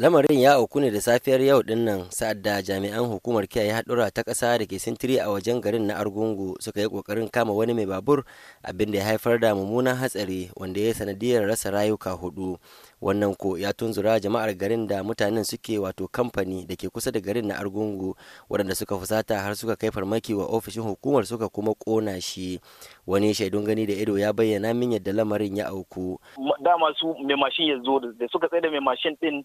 lamarin ya auku ne da safiyar yau din nan sa'ad da jami'an hukumar kiyaye haɗura ta ƙasa da ke sintiri a wajen garin na argungu suka yi ƙoƙarin kama wani mai babur abin da ya haifar da mummunan hatsari wanda ya yi sanadiyar rasa rayuka hudu wannan ko ya tunzura jama'ar garin da mutanen suke wato kamfani da ke kusa da garin na argungu waɗanda suka fusata har suka kai farmaki wa ofishin hukumar suka kuma ƙona shi wani shaidun gani da ido ya bayyana min yadda lamarin ya auku da masu mai mashin ya zo da suka tsaye da mai mashin din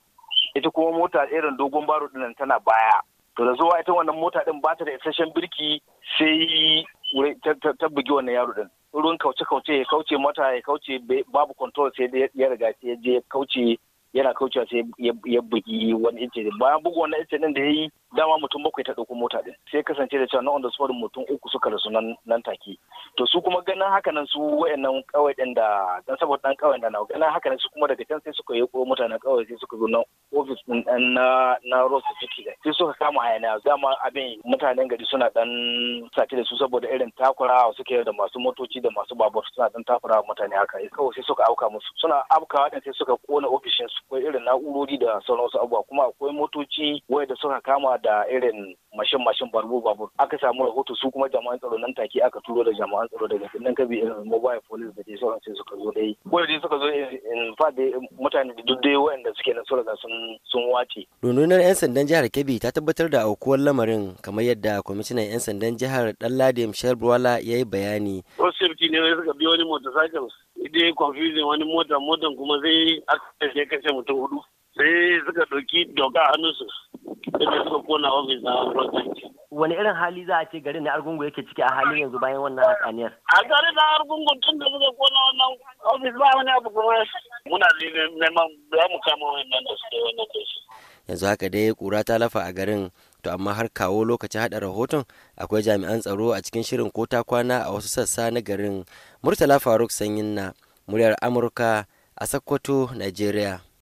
ita kuma mota irin dogon baro dinan tana baya to da zuwa ita wannan mota din ba ta da isasshen birki sai ta bugi wannan yaro din ruwan kauce-kauce ya kauce mata ya kauce babu control sai ya riga sai ya je kauce yana kaucewa sai ya bugi wani ice bayan bugu wani ice din da ya yi dama mutum bakwai ta ɗauko mota ɗin sai kasance da cewa na wanda spot mutum uku suka rasu nan nan take to su kuma ganin haka nan su wayannan kawai ɗin da dan saboda dan kawai da nawa ganin haka nan su kuma daga can sai suka yi ko mutanen kawai sai suka zo na office din dan na na Rose City sai suka kama hayaniya dama abin mutanen gari suna dan sati da su saboda irin takurawa suke da masu motoci da masu babur suna dan takurawa mutane haka kawai sai suka auka musu suna abuka wadan sai suka kona ofishin su ko irin na'urori da sauran wasu abubuwa kuma akwai motoci da suka kama da irin mashin mashin barbu babur aka samu rahoto su kuma jama'an tsaro nan take aka turo da jama'an tsaro daga nan kabi irin mobile police da dai sauran sai suka zo dai ko da suka zo in fa dai mutane da duk dai wanda suke nan sun sun sun wace rundunar yan sandan jihar Kebbi ta tabbatar da aukuwar lamarin kamar yadda kwamishinan yan sandan jihar Danladi Sharbuwala ya yi bayani safety ne suka bi wani motorcycle idai confusing wani mota motan kuma sai aka kashe mutum hudu sai suka ɗauki doka hannunsu suka kona ofis na Wani irin hali za a ce garin na Argungu yake ciki a halin yanzu bayan wannan hatsaniyar? A garin na Argungu tun da suka kona wannan ofis ba wani abu kuma muna neman za mu kama wannan da suke wannan da Yanzu haka dai kura ta lafa a garin to amma har kawo lokacin hada rahoton akwai jami'an tsaro a cikin shirin ko ta kwana a wasu sassa na garin Murtala Faruk Sanyin na muryar Amurka a Sokoto, Najeriya.